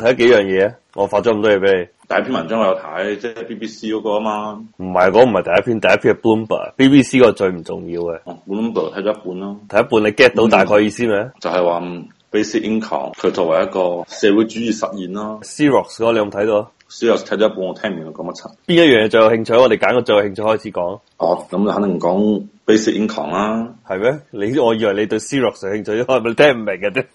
睇幾樣嘢我發咗咁多嘢俾你，第一篇文章我有睇，即係 BBC 嗰個啊嘛。唔係，嗰唔係第一篇，第一篇係 Bloomberg，BBC 個最唔重要嘅。Oh, Bloomberg 睇咗一半咯，睇一半你 get 到大概意思咩？就係話 Basic Income 佢作為一個社會主義實驗啦。Xerox 嗰個你有冇睇到？Xerox 睇咗一半，我聽唔明佢講乜柒。邊一樣嘢最有興趣？我哋揀個最有興趣開始講。哦，咁就肯定講 Basic Income 啦，係咩？你我以為你對 Xerox 有興趣，我係咪聽唔明嘅啫。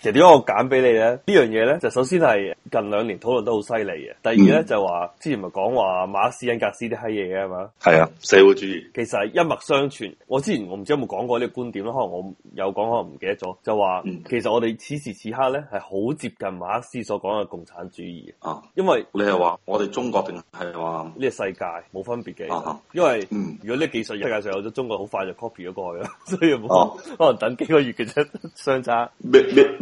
其實點解我揀俾你咧？呢樣嘢咧，就首先係近兩年討論得好犀利嘅。第二咧就話，之前咪講話馬克思、恩格斯啲閪嘢嘅係嘛？係啊，社會主義。其實係一脈相傳。我之前我唔知有冇講過呢個觀點啦，可能我有講，可能唔記得咗。就話，其實我哋此時此刻咧係好接近馬克思所講嘅共產主義。啊，因為你係話我哋中國定係話呢個世界冇分別嘅。因為如果呢技術世界上有咗中國，好快就 copy 咗過去啦。所以可能等幾個月嘅啫，相差。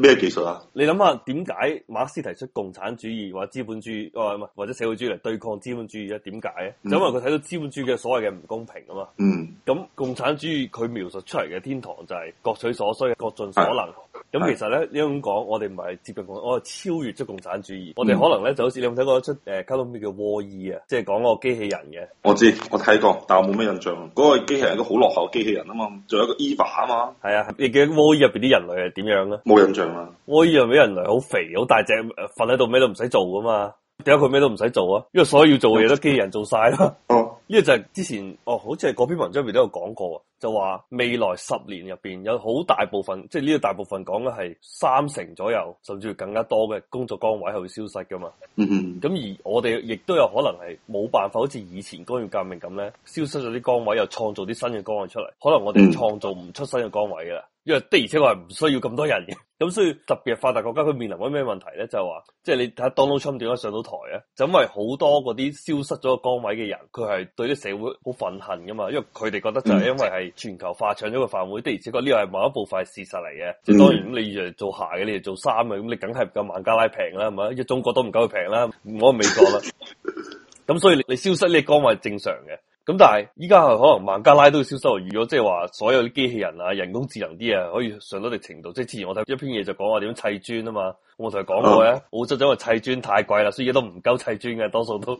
即係技術啊。你諗下點解馬克思提出共產主義或者資本主義，或、哦、唔係，或者社會主義嚟對抗資本主義咧？點解咧？嗯、就因為佢睇到資本主義嘅所謂嘅唔公平啊嘛。嗯，咁共產主義佢描述出嚟嘅天堂就係各取所需，各盡所能。啊咁其實咧，呢咁講我哋唔係接近共，我係超越咗共產主義。嗯、我哋可能咧就好似你有冇睇過一出誒、呃、卡通片叫《WALL-E》啊，即係講個機器人嘅。我知，我睇過，但係我冇咩印象。嗰、嗰個機器人都好落後嘅機器人啊嘛，仲有一個 Eva 啊嘛。係啊，你記得《WALL-E》入邊啲人類係點樣咧？冇印象啊。《WALL-E》入邊人類好肥，好大隻，瞓喺度咩都唔使做噶嘛。點解佢咩都唔使做啊？因為所有要做嘅嘢都機器人做晒。啦、哦。呢個就係之前哦，好似係嗰篇文章入邊都有講過，就話未來十年入邊有好大部分，即係呢個大部分講嘅係三成左右，甚至乎更加多嘅工作崗位係會消失噶嘛。嗯咁，Mm-hmm. 而我哋亦都有可能係冇辦法，好似以前工業革命咁咧，消失咗啲崗位，又創造啲新嘅崗位出嚟，可能我哋創造唔出新嘅崗位啦。因為的而且確係唔需要咁多人嘅，咁所以特別係發達國家佢面臨緊咩問題咧？就係話即係你睇 Donald Trump 點解上到台啊？就是為就是、因為好多嗰啲消失咗個崗位嘅人，佢係對啲社會好憤恨噶嘛？因為佢哋覺得就係因為係全球化搶咗個飯碗，的、嗯、而且確呢個係某一部分係事實嚟嘅。即係當然，咁你誒做鞋嘅，你做衫啊，咁你梗係唔夠孟加拉平啦，係嘛？因為中國都唔夠佢平啦，我未錯啦。咁 所以你，你消失呢啲崗位係正常嘅。咁但係依家係可能孟加拉都要消失，如果即係話所有啲機器人啊、人工智能啲啊，可以上到嚟程度，即係之前我睇一篇嘢就講話點樣砌磚啊嘛，我同佢講過啊，澳洲因為砌磚太貴啦，所以都唔夠砌磚嘅，多數都。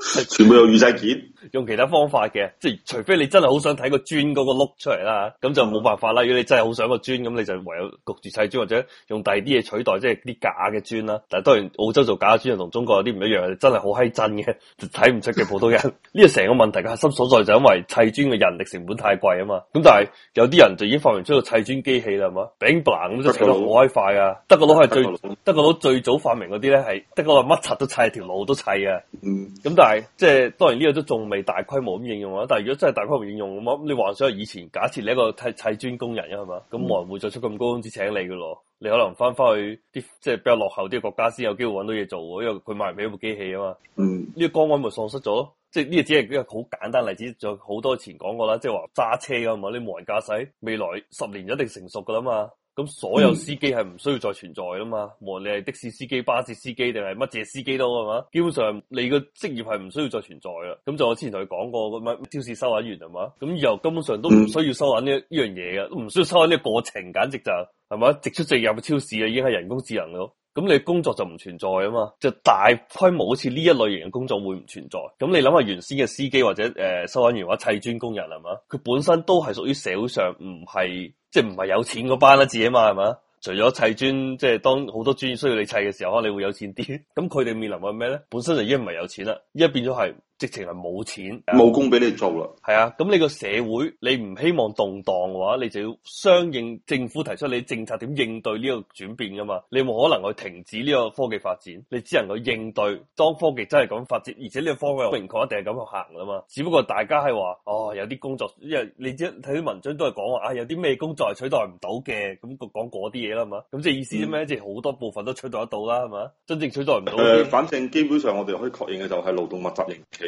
全部有預製件， 用其他方法嘅，即係除非你真係好想睇個磚嗰個碌出嚟啦，咁就冇辦法啦。如果你真係好想個磚，咁你就唯有焗住砌磚或者用第二啲嘢取代，即係啲假嘅磚啦。但係當然澳洲做假磚又同中國有啲唔一樣，真係好閪真嘅，就睇唔出嘅普通人。呢個成個問題嘅核心所在就因為砌磚嘅人力成本太貴啊嘛。咁但係有啲人就已經發明出個砌磚機器啦，係嘛，Bang bang 咁砌得好快啊。德國佬係最，德國佬最早發明嗰啲咧係，德國佬乜拆都砌，條路都砌啊。嗯咁但係即係當然呢個都仲未大規模咁應用啦，但係如果真係大規模應用咁，你幻想以前假設你一個砌砌磚工人啊，係嘛，咁冇人會再出咁高工資請你噶咯，你可能翻翻去啲即係比較落後啲國家先有機會揾到嘢做，因為佢賣唔起部機器啊嘛，嗯、呢個崗位咪喪失咗咯，即係呢個只係一個好簡單例子，就好多前講過啦，即係話揸車噶嘛，你無人駕駛未來十年一定成熟噶啦嘛。咁所有司機係唔需要再存在啦嘛，無論你係的士司機、巴士司機定係乜嘢司機都係嘛，基本上你個職業係唔需要再存在啦。咁就我之前同佢講過咁啊，超市收銀員係嘛，咁以後根本上都唔需要收銀呢呢樣嘢嘅，都唔需要收銀呢個過程，簡直就係、是、嘛，直出直入嘅超市啊，已經係人工智能咯。咁你工作就唔存在啊嘛，就大規模好似呢一類型嘅工作會唔存在。咁你諗下原先嘅司機或者誒、呃、收銀員或者砌磚工人係嘛，佢本身都係屬於社會上唔係。即係唔係有錢嗰班啦，自己嘛係嘛？除咗砌磚，即係當好多磚需要你砌嘅時候，你會有錢啲。咁佢哋面臨嘅咩呢？本身就已經唔係有錢啦，而家變咗係。直情係冇錢，冇工俾你做啦。係啊，咁你個社會你唔希望動盪嘅話，你就要相應政府提出你政策點應對呢個轉變噶嘛。你冇可能去停止呢個科技發展，你只能去應對當科技真係咁發展，而且呢個方向明確，一定係咁去行噶嘛。只不過大家係話哦，有啲工作，因為你知睇啲文章都係講話啊，有啲咩工作係取代唔到嘅，咁講嗰啲嘢啦，係嘛？咁即係意思咩？即係好多部分都取代得到啦，係嘛？真正取代唔到。誒、呃，反正基本上我哋可以確認嘅就係勞動密集型。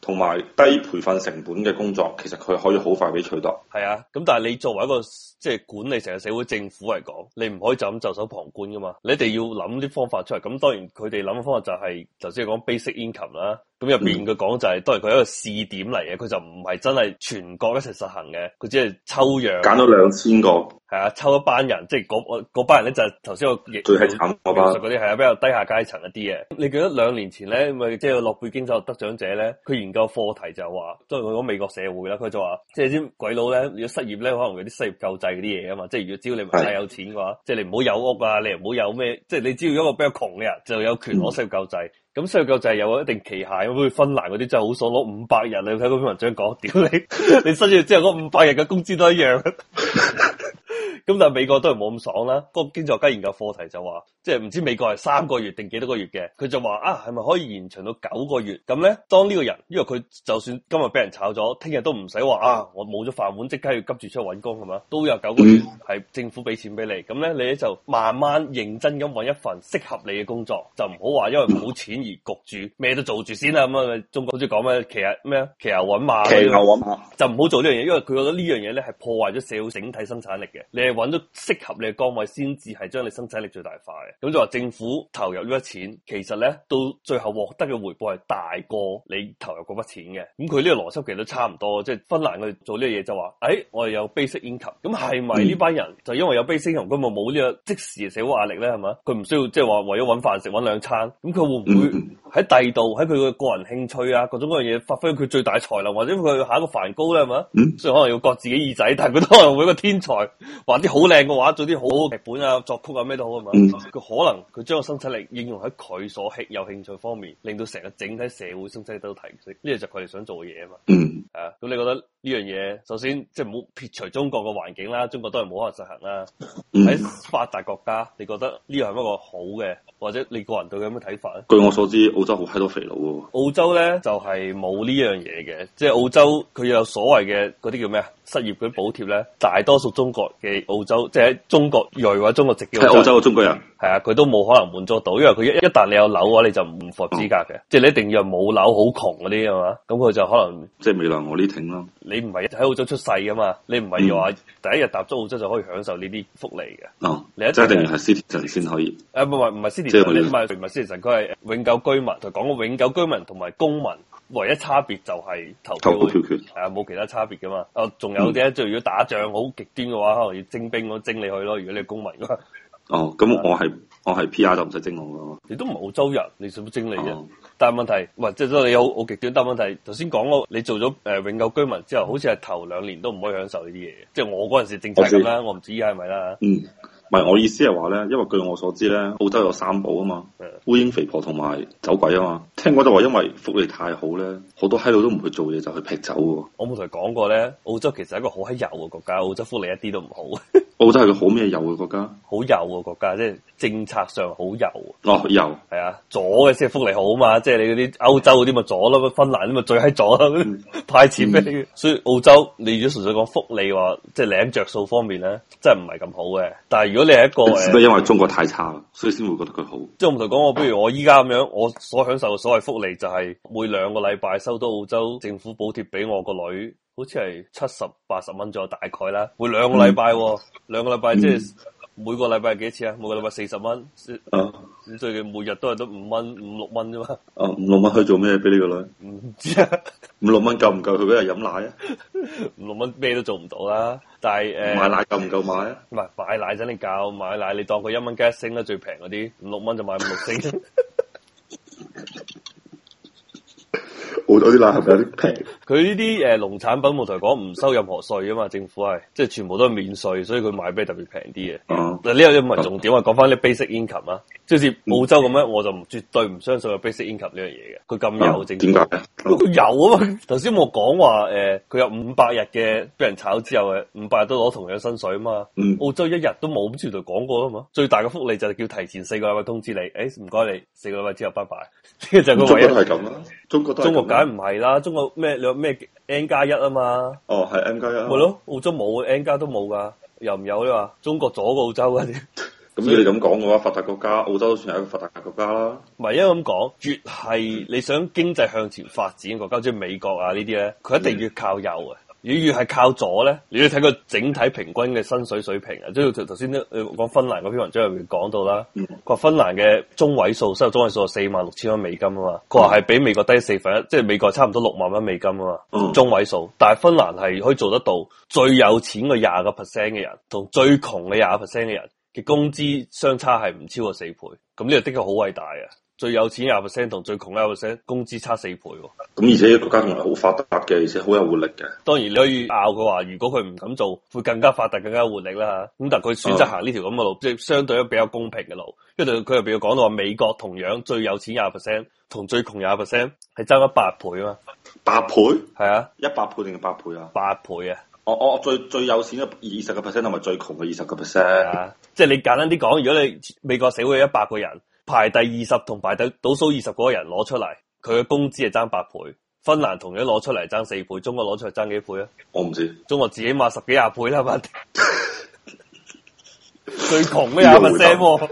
同埋低培訓成本嘅工作，其實佢可以好快俾取代。係啊，咁但係你作為一個即係、就是、管理成個社會政府嚟講，你唔可以就咁袖手旁觀噶嘛？你哋要諗啲方法出嚟。咁當然佢哋諗嘅方法就係頭先講 basic income 啦、就是。咁入邊佢講就係當然佢一個試點嚟嘅，佢就唔係真係全國一齊實行嘅，佢只係抽樣揀咗兩千個，係啊，抽一班人，即係嗰班人咧就係頭先我亦最係慘嗰班，嗰啲係啊比較低下階層一啲嘅。你記得兩年前咧，咪即係諾貝經手得獎者咧，佢研究課題就話，即係佢講美國社會啦，佢就話，即係啲鬼佬咧，如果失業咧，可能有啲失業救濟嗰啲嘢啊嘛，即係如果只要你唔係太有錢嘅話，即係你唔好有屋啊，你唔好有咩，即係你只要一個比較窮嘅人就有權攞失業救濟，咁、嗯、失業救濟有一個一定期限，好似芬蘭嗰啲真係好爽，攞五百日，你睇嗰篇文章講，屌你，你失業之後嗰五百日嘅工資都一樣。 咁但係美國都係冇咁爽啦。個經濟學家研究課題就話，即係唔知美國係三個月定幾多個月嘅，佢就話啊，係咪可以延長到九個月？咁咧，當呢個人因為佢就算今日俾人炒咗，聽日都唔使話啊，我冇咗飯碗，即刻要急住出去揾工係嘛？都有九個月係政府俾錢俾你，咁咧你咧就慢慢認真咁揾一份適合你嘅工作，就唔好話因為冇錢而焗住咩都做住先啦。咁、嗯、啊，中國好似講咩？其實咩啊？騎牛揾馬，騎牛揾馬，啊啊啊啊、就唔好做呢樣嘢，因為佢覺得呢樣嘢咧係破壞咗社會整體生產力嘅。你揾到適合你嘅崗位先至係將你生產力最大化嘅。咁就話政府投入呢筆錢，其實咧到最後獲得嘅回報係大過你投入嗰筆錢嘅。咁佢呢個邏輯其實都差唔多。即係芬蘭佢做呢個嘢就話，誒、哎，我哋有 basic income、嗯。咁係咪呢班人就因為有 basic income 咪冇呢個即時嘅社會壓力咧？係嘛？佢唔需要即係話為咗揾飯食揾兩餐。咁、嗯、佢會唔會喺第度喺佢嘅個人興趣啊各種各樣嘢發揮佢最大才能，或者佢下一個梵高咧係嘛？所以、嗯、可能要割自己耳仔，但係佢都可能會一個天才，話啲。好靚嘅話，做啲好嘅劇本啊、作曲啊咩都好啊嘛。佢、嗯、可能佢將個生產力應用喺佢所興有興趣方面，令到成個整體社會生產力都提升。呢個就係佢哋想做嘅嘢啊嘛。嗯，係啊，咁你覺得？呢樣嘢，首先即係唔好撇除中國嘅環境啦，中國都係冇可能實行啦。喺發達國家，你覺得呢樣係一個好嘅，或者你個人對佢有咩睇法咧？據我所知，澳洲好閪多肥佬喎。澳洲咧就係冇呢樣嘢嘅，即係澳洲佢有所謂嘅嗰啲叫咩啊？失業嘅補貼咧，大多數中國嘅澳洲即係喺中國裔或者中國籍嘅澳洲嘅中國人。嗯係啊，佢都冇可能滿足到，因為佢一一旦你有樓嘅話，你就唔符合資格嘅，嗯、即係你一定要冇樓、好窮嗰啲啊嘛。咁佢就可能即係未來我呢挺咯。你唔係喺澳洲出世噶嘛？嗯、你唔係話第一日踏足澳洲就可以享受呢啲福利嘅。哦、嗯，你一定係 Citizen 先可以。啊，唔係唔係 Citizen 唔係唔係 Citizen 佢係永久居民。就講個永久居民同埋公民唯一差別就係投票權，啊，啊，冇其他差別噶嘛。哦、嗯，仲有啲就如果打仗好極端嘅話，可能要徵兵咁徵你去咯。如果你係公民 哦，咁我係我係 P R 就唔使徵我咯。你都唔係澳洲人，你使乜徵你啫？但係問題，或係即係都你好，我極端，但問題頭先講咯，你做咗誒、呃、永久居民之後，好似係頭兩年都唔可以享受呢啲嘢，即係我嗰陣時政策咁啦 Okay.，我唔知而家係咪啦。嗯。唔係我意思係話咧，因為據我所知咧，澳洲有三寶啊嘛，的烏蠅肥婆同埋走鬼啊嘛，聽講就話因為福利太好咧，好多閪佬都唔去做嘢，就去、是、劈酒喎。我冇同你講過咧，澳洲其實係一個好閪右嘅國家，澳洲福利一啲都唔好。 澳洲係個好咩右嘅國家？好右嘅國家，即係政策上好右。哦，右係啊，左嘅先係福利好啊嘛，即係你嗰啲歐洲嗰啲咪左咯，乜芬蘭啲咪最閪左、嗯、 派錢畀你。嗯、所以澳洲你如果純粹講福利話，即係領着數方面咧，真係唔係咁好嘅。但係如果如果你係一個只不過因為中國太差啦，所以先會覺得佢好。即我唔同講，我比如我依家咁樣，我所享受嘅所謂福利就係、是、每兩個禮拜收到澳洲政府補貼俾我個女，好似係七十八十蚊左右，大概啦。每兩個禮拜，嗯、兩個禮拜即係。嗯每個禮拜係幾錢啊？每個禮拜四十蚊，啊，最近每日都係得五蚊，五六蚊啫嘛。啊，五六蚊去做咩？俾呢個女？唔知啊。五六蚊夠唔夠佢嗰日飲奶啊？五六蚊咩都做唔到啦。但係誒、啊，買奶夠唔夠買啊？唔係買奶真係夠，買奶你當佢一蚊雞一升啦，最平嗰啲五六蚊就買五六升。好多啲奶係咪有啲平？ 佢呢啲誒農產品，冇同講唔收任何稅啊嘛，政府係即係全部都係免稅，所以佢賣俾特別平啲嘅。嗱呢、啊、個又唔係重點啊，講返啲 basic income 啊，即好似澳洲咁咧，嗯、我就絕對唔相信有 basic income 呢樣嘢嘅。佢咁有政點解？啊有啊嘛，頭先我講話誒，佢、呃、有五百日嘅俾人炒之後誒，五百日都攞同樣薪水啊嘛。嗯、澳洲一日都冇咁專條講過啊嘛。最大嘅福利就係叫提前四個禮拜通知你，誒唔該你四個禮拜之後拜拜。呢個、嗯、 就係咁唯一中國都咁、啊啊、啦。中國中國梗唔係啦？中國咩兩？咩 N 加一啊嘛？哦，係 N 加一。咪咯、哦，澳洲冇 N 加都冇㗎，又唔有，有你話。中國左過澳洲嗰、啊、啲。咁 你咁講嘅話，發達國家澳洲都算係一個發達國家啦。唔係因為咁講，越係你想經濟向前發展嘅國家，即係美國啊呢啲咧，佢一定越靠右啊。嗯如果係靠左咧，你要睇個整體平均嘅薪水水平啊。即係頭頭先啲講芬蘭嗰篇文章入面講到啦，佢話芬蘭嘅中位數收入中位數係四萬六千蚊美金啊嘛。佢話係比美國低四分一，即係美國差唔多六萬蚊美金啊嘛，嗯、中位數。但係芬蘭係可以做得到最有錢嘅廿個 percent 嘅人，同最窮嘅廿個 percent 嘅人嘅工資相差係唔超過四倍。咁呢個的確好偉大啊！最有錢廿 percent 同最窮廿 percent，工資差四倍啊。咁而且國家仲係好發達嘅，而且好有活力嘅。當然你可以拗佢話，如果佢唔敢做，會更加發達、更加有活力啦。咁但係佢選擇行呢條咁嘅路，即係、嗯、相對比較公平嘅路。跟住佢又入邊又講到話，美國同樣最有錢廿 percent 同最窮廿 percent 係爭咗八倍啊嘛。八倍？係啊，一百倍定係八倍啊？八倍啊！我哦，最最有錢嘅二十個 percent 同埋最窮嘅二十個 percent。啊，即、就、係、是、你簡單啲講，如果你美國社會一百個人。排第二十同排第倒數二十嗰個人攞出嚟，佢嘅工資係爭八倍。芬蘭同樣攞出嚟爭四倍，中國攞出嚟爭幾倍咧？我唔知。中國自己話十幾廿倍啦，係 咪？ 最窮咩廿 percent？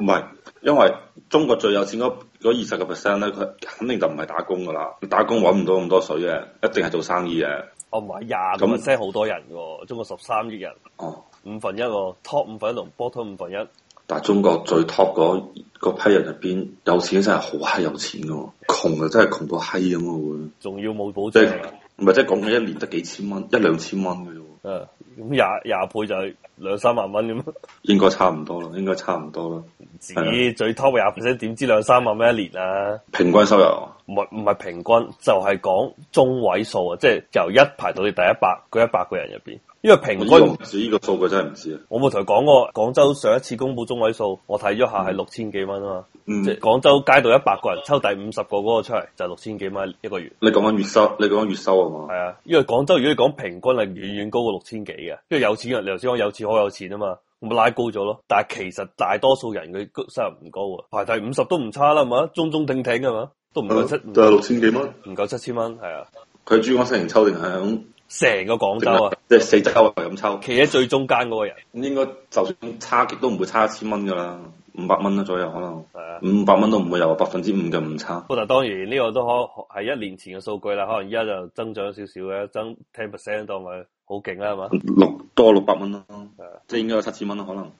唔係，因為中國最有錢嗰二十個 percent 咧，佢肯定就唔係打工噶啦。打工搵唔到咁多水嘅，一定係做生意嘅。我唔係廿咁 percent 好多人噶，中國十三億人。哦，五分一喎、啊、，top 五分一同 bottom 五分一。但係中國最 top 嗰。嗰批人入邊有錢真係好閪有錢嘅喎，窮又真係窮到閪咁喎，仲要冇保障，唔係即係講緊一年得幾千蚊，一兩千蚊嘅喎。誒、嗯，咁廿廿倍就係兩三萬蚊咁咯。應該差唔多咯，應該差唔多咯。咦、啊，最 top 嘅廿 percent 點知兩三萬蚊一年啊？平均收入。唔係唔係平均，就係、是、講中位數啊！即、就、係、是、由一排到你第一百嗰一百個人入邊，因為平均唔止呢個數據真係唔知啊！我冇同佢講過廣州上一次公布中位數，我睇咗下係、嗯、六千幾蚊啊嘛！嗯、即係廣州街道一百個人抽第五十個嗰個出嚟，就六千幾蚊一個月。你講緊月收，你講緊月收啊嘛？係啊，因為廣州如果你講平均，係遠遠高過六千幾嘅。因為有錢人，你頭先講有錢好有錢啊嘛，咪拉高咗咯。但係其實大多數人佢收入唔高啊，排第五十都唔差啦，係嘛？中中挺挺係嘛？都唔夠七，都有六千幾蚊，唔夠七千蚊，係啊。佢珠江新城抽定係喺成個廣州啊？即係、就是、四周圍啊，係咁抽。企喺最中間嗰個人，應該就算差極都唔會差一千蚊噶啦，五百蚊啦左右可能。係啊的，五百蚊都唔會有百分之五嘅誤差。不過，當然呢、這個都可係一年前嘅數據啦，可能而家就增長少少嘅增 ten percent，當咪好勁啦，係嘛？六多六百蚊咯，即係的應該有七千蚊咯，可能。